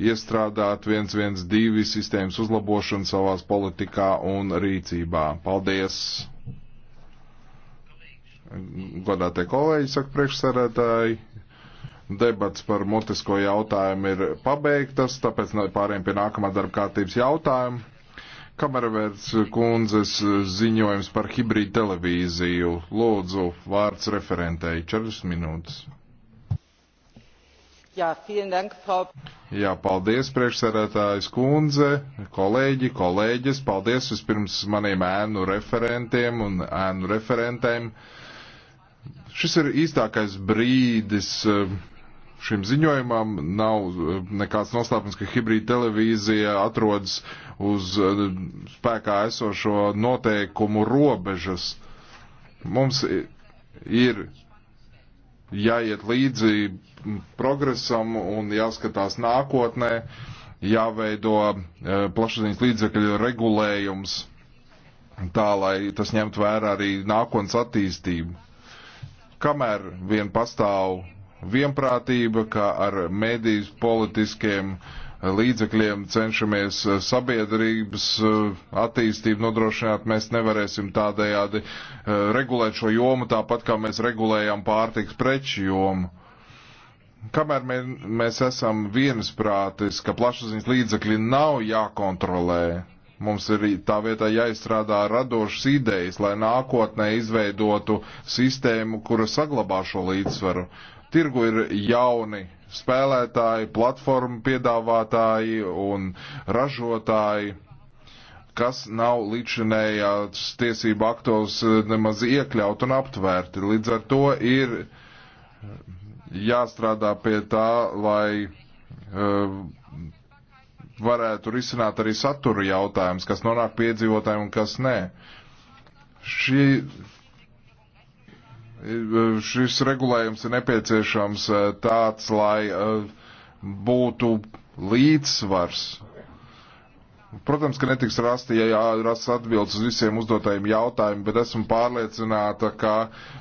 iestrādāt 112 sistēmas uzlabošanu savās politikā un rīcībā. Paldies! Godātie kolēģi, saka priekšsarētāji, debats par mutisko jautājumu ir pabeigtas, tāpēc pāriem pie nākamā darba kārtības jautājuma. Kameravērts kundzes ziņojums par hibrīd televīziju. Lūdzu, vārds referentei 4 minūtes. Jā, ja, vielen dank, Frau. Jā, paldies priekšsēdētājs kundze, kolēģi, kolēģis. Paldies vispirms maniem ēnu referentiem un ēnu referentēm. Šis ir īstākais brīdis eh, šim ziņojumam. Nav eh, nekāds noslēpums, ka hibrīda televīzija atrodas uz eh, spēkā esošo noteikumu robežas. Mums ir jāiet līdzi progresam un jāskatās nākotnē, jāveido e, plašsaziņas līdzekļu regulējums tā, lai tas ņemt vērā arī nākotnes attīstību. Kamēr vien pastāv vienprātība, ka ar medijas politiskiem uh, līdzekļiem cenšamies eh, sabiedrības eh, attīstību nodrošināt, mēs nevarēsim tādējādi eh, regulēt šo jomu tāpat, kā mēs regulējam pārtiks preču jomu. Kamēr mē, mēs esam viensprātis, ka plašsaziņas līdzekļi nav jākontrolē, mums ir tā vietā jāizstrādā radošas idejas, lai nākotnē izveidotu sistēmu, kura saglabā šo līdzsvaru. Tirgu ir jauni spēlētāji, platformu piedāvātāji un ražotāji, kas nav līdzinējās tiesību aktos eh, nemaz iekļaut un aptvērti. Līdz ar to ir jāstrādā pie tā, lai uh, varētu risināt arī satura jautājums, kas nonāk piedzīvotājiem un kas nē. Šī šis regulējums ir nepieciešams eh, tāds, lai eh, būtu līdzsvars. Protams, ka netiks rasti, ja rasts atbildes uz visiem uzdotajiem jautājumiem, bet esmu pārliecināta, ka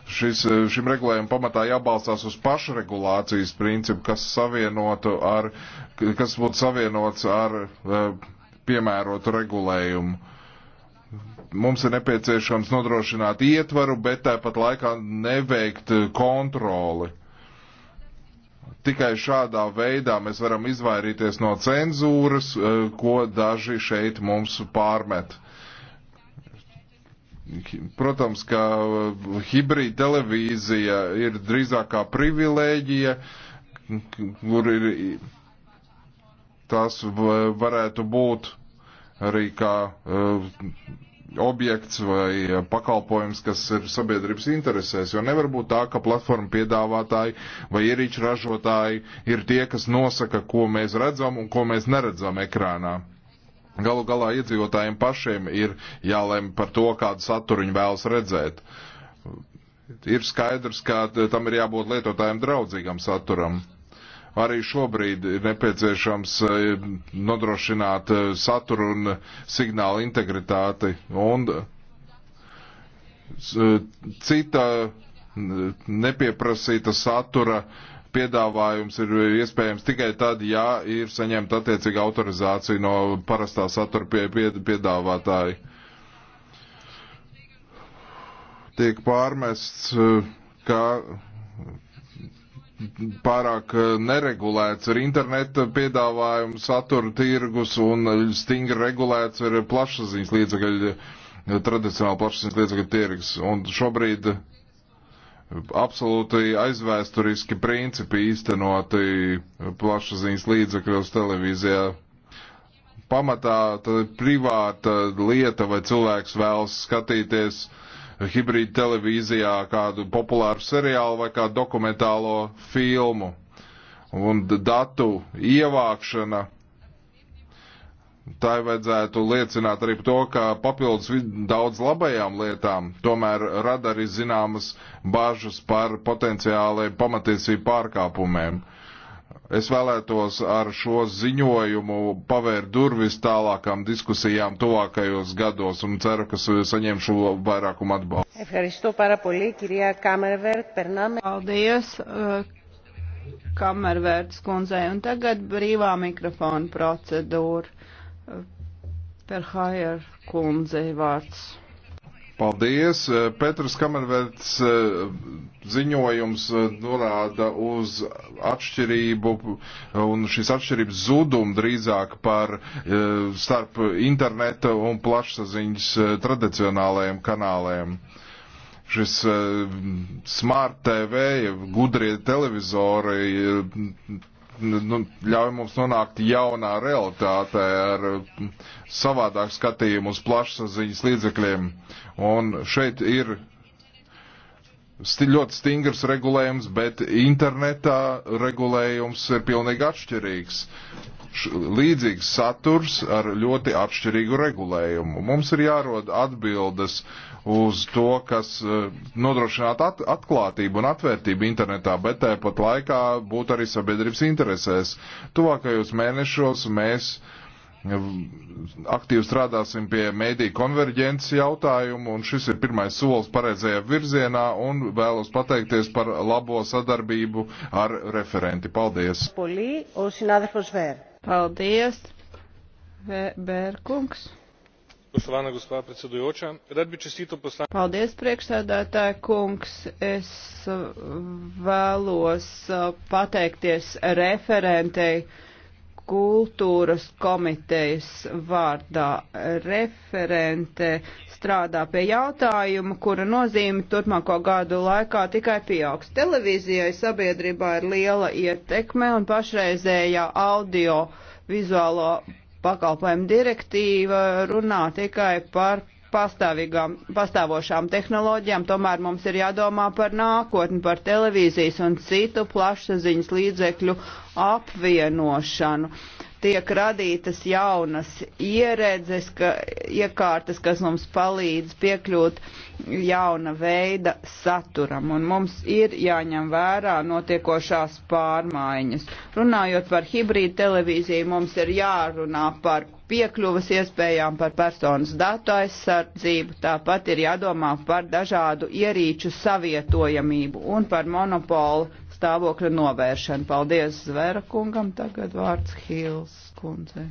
šis, eh, šim regulējumam pamatā jābalstās uz pašregulācijas principu, kas, savienotu ar, kas būtu savienots ar piemērotu regulējumu. Mums ir nepieciešams nodrošināt ietvaru, bet tāpat laikā neveikt kontroli. Tikai šādā veidā mēs varam izvairīties no cenzūras, eh, ko daži šeit mums pārmet. Protams, ka eh, hibrīda televīzija ir drīzāk kā privilēģija, kur ir, tas varētu būt arī kā eh, objekts vai eh, pakalpojums, kas ir sabiedrības interesēs, jo nevar būt tā, ka platforma piedāvātāji vai ierīču ražotāji ir tie, kas nosaka, ko mēs redzam un ko mēs neredzam ekrānā. Galu galā iedzīvotājiem pašiem ir jālem par to, kādu saturu viņi vēlas redzēt. Ir skaidrs, ka tam ir jābūt lietotājiem draudzīgam saturam arī šobrīd ir nepieciešams eh, nodrošināt eh, saturu un signālu integritāti. Un eh, cita nepieprasīta satura piedāvājums ir iespējams tikai tad, ja ir saņemta attiecīga autorizācija no parastā satura pie, pie, piedāvātāja. Tiek pārmests, ka pārāk eh, neregulēts ir interneta piedāvājums, satura tirgus un eh, stingri regulēts ir plašsaziņas līdzekļu, eh, tradicionāli plašsaziņas līdzekļu tirgus. Un šobrīd absolūti aizvēsturiski principi īstenoti plašsaziņas līdzekļos televīzijā. Pamatā tā ir privāta lieta, vai cilvēks vēlas skatīties uh, hibrīd televīzijā kādu populāru seriālu vai kādu dokumentālo filmu. Un datu ievākšana tā vajadzētu liecināt arī par to, ka papildus daudz labajām lietām tomēr rada arī zināmas bažas par potenciālajiem pamatiesību pārkāpumiem. Uh, Es vēlētos ar šo ziņojumu pavērt durvis tālākām diskusijām tuvākajos gados un ceru, ka saņemšu vairākumu atbalstu. Paldies, Kamervērts kundzei. Un tagad brīvā mikrofona procedūra. Perhajer kundzei vārds. Paldies. Eh, Petrs Kamervērts eh, ziņojums eh, norāda uz atšķirību un šīs atšķirības zudumu drīzāk par starp interneta un plašsaziņas tradicionālajiem kanāliem. Šis smart TV, gudrie televizori Nu, nu, ļauj mums nonākt jaunā realitātē ar mm, savādāk skatījumu uz plašsaziņas līdzekļiem. Un šeit ir sti ļoti stingrs regulējums, bet internetā regulējums ir pilnīgi atšķirīgs. Līdzīgs saturs ar ļoti atšķirīgu regulējumu. Mums ir jārod atbildes uz to, kas e, nodrošinātu at atklātību un atvērtību internetā, bet tāpat laikā būtu arī sabiedrības interesēs. Tuvākajos mēnešos mēs uh, aktīvi strādāsim pie mēdīju konverģences jautājumu, un šis ir pirmais solis pareizajā virzienā, un vēlos pateikties par labo sadarbību ar referenti. Paldies! Paldies, Bērkungs! Paldies, priekšsēdētāja kungs. Es uh, vēlos uh, pateikties referentei kultūras komitejas vārdā referente strādā pie jautājuma, kura nozīme turpmāko gadu laikā tikai pieaugs. Televīzijai sabiedrībā ir liela ietekme un pašreizējā audio vizuālo pakalpojumu direktīva runā tikai par pastāvošām tehnoloģijām, tomēr mums ir jādomā par nākotni, par televīzijas un citu plašsaziņas līdzekļu apvienošanu. Tiek radītas jaunas ieredzes, ka, iekārtas, kas mums palīdz piekļūt jauna veida saturam, un mums ir jāņem vērā notiekošās pārmaiņas. Runājot par hibrīdu televīziju, mums ir jārunā par piekļuvas iespējām par personas datu aizsardzību, tāpat ir jādomā par dažādu ierīču savietojamību un par monopolu stāvokļa novēršanu. Paldies Zvera kungam, tagad vārds Hils kundzei.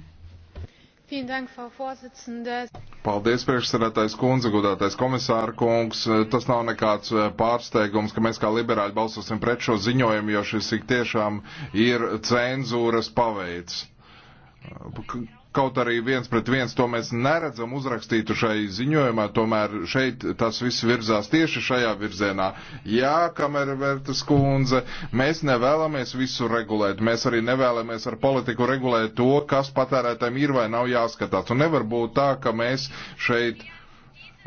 Paldies, priekšsēdētājs kundze, godātais komisāra kungs. Tas nav nekāds eh, pārsteigums, ka mēs kā liberāļi balsosim pret šo ziņojumu, jo šis tik tiešām ir cenzūras paveids Kaut arī viens pret viens to mēs neredzam uzrakstītu šai ziņojumā, tomēr šeit tas viss virzās tieši šajā virzienā. Jā, kamervērtas kundze, mēs nevēlamies visu regulēt, mēs arī nevēlamies ar politiku regulēt to, kas patērētājiem ir vai nav jāskatās. Un nevar būt tā, ka mēs šeit uh,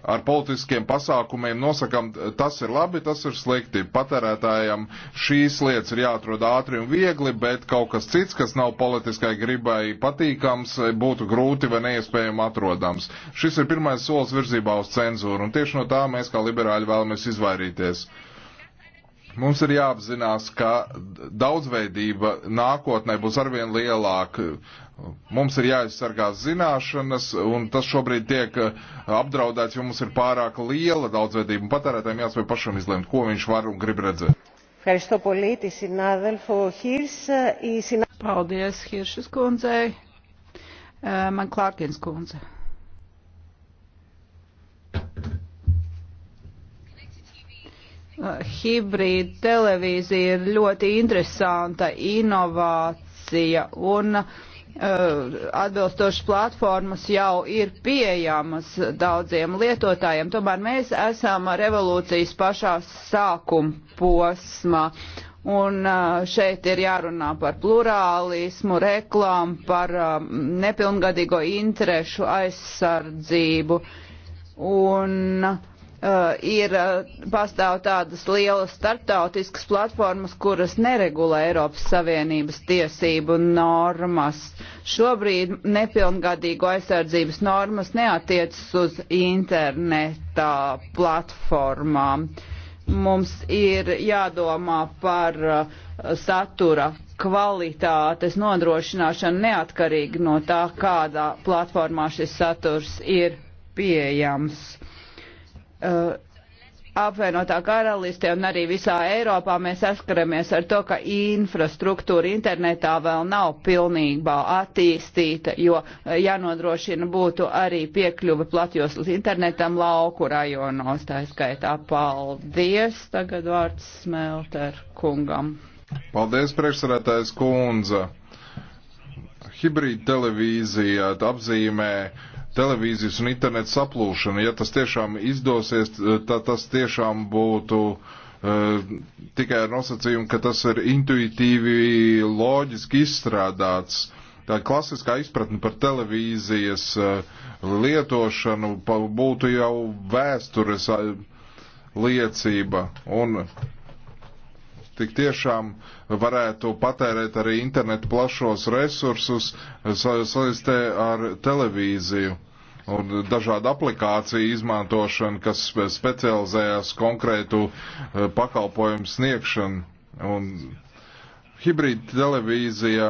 ar politiskiem pasākumiem nosakam, tas ir labi, tas ir slikti. Patērētājiem šīs lietas ir jāatrod ātri un viegli, bet kaut kas cits, kas nav politiskai gribai patīkams, būtu grūti vai neiespējami atrodams. Šis ir pirmais solis virzībā uz cenzūru, un tieši no tā mēs kā liberāļi vēlamies izvairīties. Mums ir jāapzinās, ka daudzveidība nākotnē būs arvien lielāka. Mums ir jāizsargā zināšanas, un tas šobrīd tiek eh, apdraudēts, jo mums ir pārāk liela daudzveidība, un patērētājiem jāspēj pašam izlemt, ko viņš var un grib redzēt. Paldies, Hiršas kundzei. Man Klārkins kundze. Eh, Hibrīda televīzija ir ļoti interesanta inovācija un uh, Eh, atbilstošas platformas jau ir pieejamas daudziem lietotājiem. Tomēr mēs esam revolūcijas pašā sākuma posmā. Un eh, šeit ir jārunā par plurālismu, reklāmu, par eh, nepilngadīgo interešu aizsardzību. Un uh, Uh, ir uh, pastāv tādas lielas startautiskas platformas, kuras neregulē Eiropas Savienības tiesību normas. Šobrīd nepilngadīgo aizsardzības normas neatiecas uz internetā platformām. Mums ir jādomā par uh, satura kvalitātes nodrošināšanu neatkarīgi no tā, kādā platformā šis saturs ir pieejams uh, apvienotā karalistē un arī visā Eiropā mēs saskaramies ar to, ka infrastruktūra internetā vēl nav pilnībā attīstīta, jo eh, jānodrošina būtu arī piekļuve platjoslas internetam lauku rajonos. Tā skaitā paldies. Tagad vārds Smelter kungam. Paldies, priekšsarētājs kundze. Hibrīd televīzija apzīmē televīzijas un interneta saplūšana. Ja tas tiešām izdosies, tad tas tiešām būtu uh, tikai ar nosacījumu, ka tas ir intuitīvi, loģiski izstrādāts. Tā klasiskā izpratne par televīzijas uh, lietošanu būtu jau vēstures liecība. Un tik tiešām varētu patērēt arī internetu plašos resursus saistē ar televīziju un dažādu aplikāciju izmantošanu, kas specializējas konkrētu eh, pakalpojumu sniegšanu. Un hibrīda televīzija,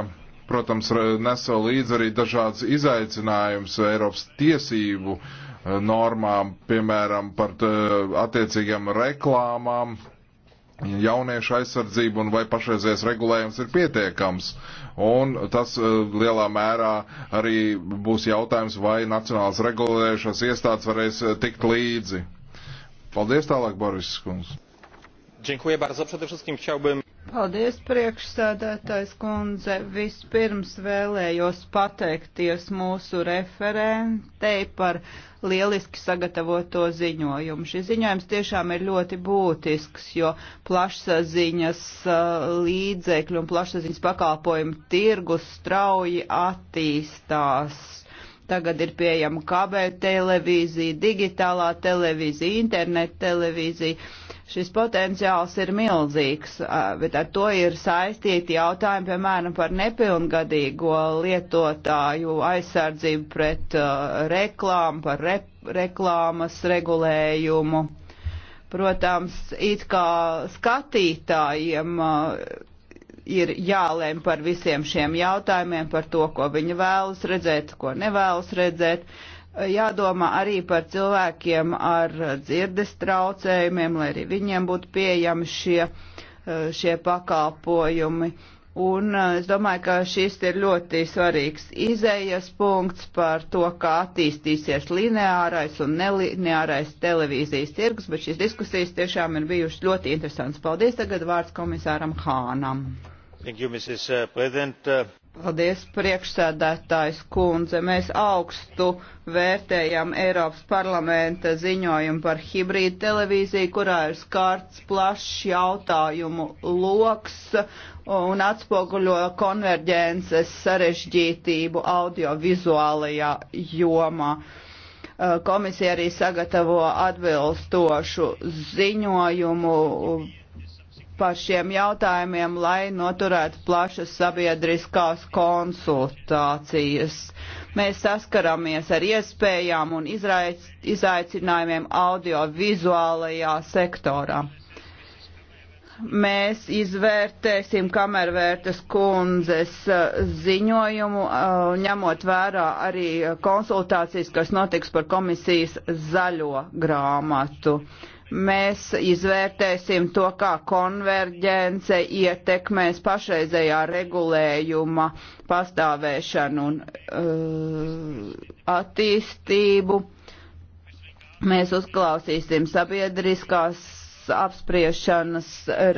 protams, nesa līdz arī dažādas izaicinājumus Eiropas tiesību eh, normām, piemēram, par eh, attiecīgām reklāmām, jauniešu aizsardzība un vai pašreizējais regulējums ir pietiekams. Un tas e, lielā mērā arī būs jautājums, vai nacionāls regulējušās iestādes varēs e, tikt līdzi. Paldies tālāk, Boris Kungs. Dziękuję bardzo. Przede wszystkim chciałbym Paldies, priekšsēdētājs kundze. Vispirms vēlējos pateikties mūsu referentei par lieliski sagatavoto ziņojumu. Šis ziņojums tiešām ir ļoti būtisks, jo plašsaziņas uh, līdzekļu un plašsaziņas pakalpojumu tirgus strauji attīstās tagad ir pieejama kabeļu televīzija, digitālā televīzija, internet televīzija. Šis potenciāls ir milzīgs, bet ar to ir saistīti jautājumi, piemēram, par nepilngadīgo lietotāju aizsardzību pret uh, reklāmu, par rep, reklāmas regulējumu. Protams, it kā skatītājiem uh, ir jālēm par visiem šiem jautājumiem, par to, ko viņi vēlas redzēt, ko nevēlas redzēt. Jādomā arī par cilvēkiem ar dzirdes traucējumiem, lai arī viņiem būtu pieejami šie, šie pakalpojumi. Un eh, es domāju, ka šis ir ļoti svarīgs izējas punkts par to, kā attīstīsies lineārais un nelineārais televīzijas tirgus, bet šīs diskusijas tiešām ir bijušas ļoti interesants. Paldies tagad vārds komisāram Hānam. You, uh, uh, Paldies, priekšsēdētājs kundze. Mēs augstu vērtējam Eiropas parlamenta ziņojumu par hibrīdu televīziju, kurā ir skārts plašs jautājumu loks un atspoguļo konverģences sarežģītību audiovizuālajā jomā uh, komisija arī sagatavo atbilstošu ziņojumu par šiem jautājumiem, lai noturētu plašas sabiedriskās konsultācijas. Mēs saskaramies ar iespējām un izraic, izaicinājumiem audiovizuālajā sektorā. Mēs izvērtēsim kamervērtas kundzes uh, ziņojumu, uh, ņemot vērā arī konsultācijas, kas notiks par komisijas zaļo grāmatu Mēs izvērtēsim to, kā konverģence ietekmēs pašreizējā regulējuma pastāvēšanu un uh, attīstību. Mēs uzklausīsim sabiedriskās apspriešanas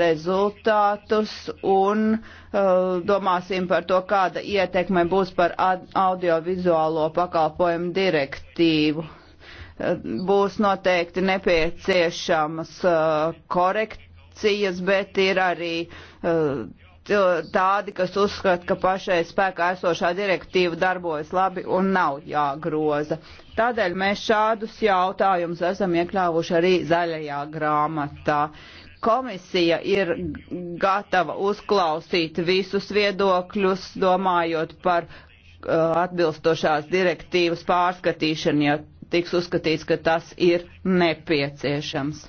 rezultātus un uh, domāsim par to, kāda ietekme būs par audiovizuālo pakalpojumu direktīvu būs noteikti nepieciešamas uh, korekcijas, bet ir arī uh, tādi, kas uzskata, ka pašai spēkā esošā direktīva darbojas labi un nav jāgroza. Tādēļ mēs šādus jautājumus esam iekļāvuši arī zaļajā grāmatā. Komisija ir gatava uzklausīt visus viedokļus, domājot par uh, atbilstošās direktīvas pārskatīšanu, ja tiks uzskatīts, ka tas ir nepieciešams.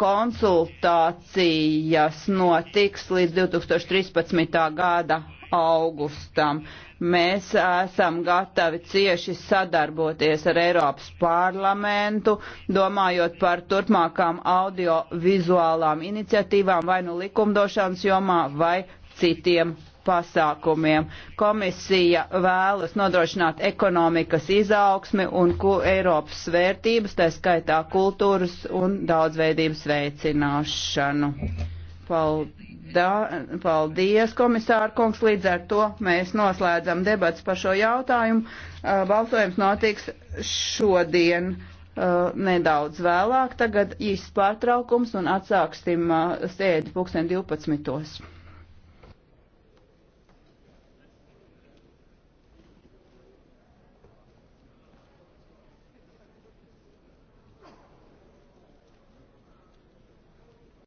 Konsultācijas notiks līdz 2013. gada augustam. Mēs esam gatavi cieši sadarboties ar Eiropas parlamentu, domājot par turpmākām audiovizuālām iniciatīvām vai nu likumdošanas jomā vai citiem pasākumiem. Komisija vēlas nodrošināt ekonomikas izaugsmi un Eiropas vērtības, tā skaitā kultūras un daudzveidības veicināšanu. Palda, paldies, komisāra kungs. Līdz ar to mēs noslēdzam debats par šo jautājumu. Uh, balsojums notiks šodien uh, nedaudz vēlāk. Tagad īsts pārtraukums un atsāksim uh, sēdi pulksten 12.